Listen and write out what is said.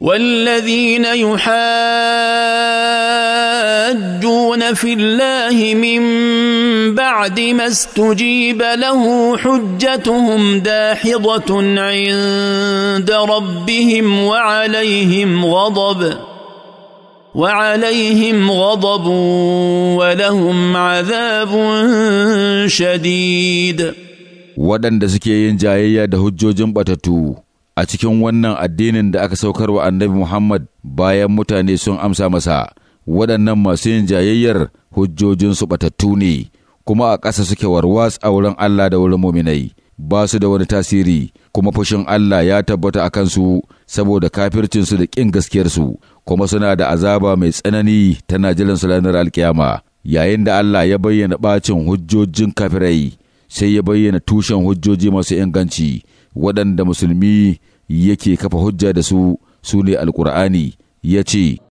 والذين يحاجون في الله من بعد ما استجيب له حجتهم داحضه عند ربهم وعليهم غضب وعليهم غضب ولهم عذاب شديد ودن دسكي yin jayayya da a cikin wannan addinin da aka saukar wa annabi Muhammad bayan mutane sun amsa masa waɗannan masu yin jayayyar hujjojinsu batattu ne kuma a ƙasa suke warwas a wurin Allah da wurin muminai ba su da wani tasiri kuma fushin Allah ya tabbata a kansu saboda kafircinsu da ƙin gaskiyarsu kuma suna da azaba mai tsanani tana jiran su ranar yayin da Allah ya bayyana bacin hujjojin kafirai sai ya bayyana tushen hujjoji masu inganci waɗanda musulmi yake kafa hujja da su su ne alkur'ani ya ce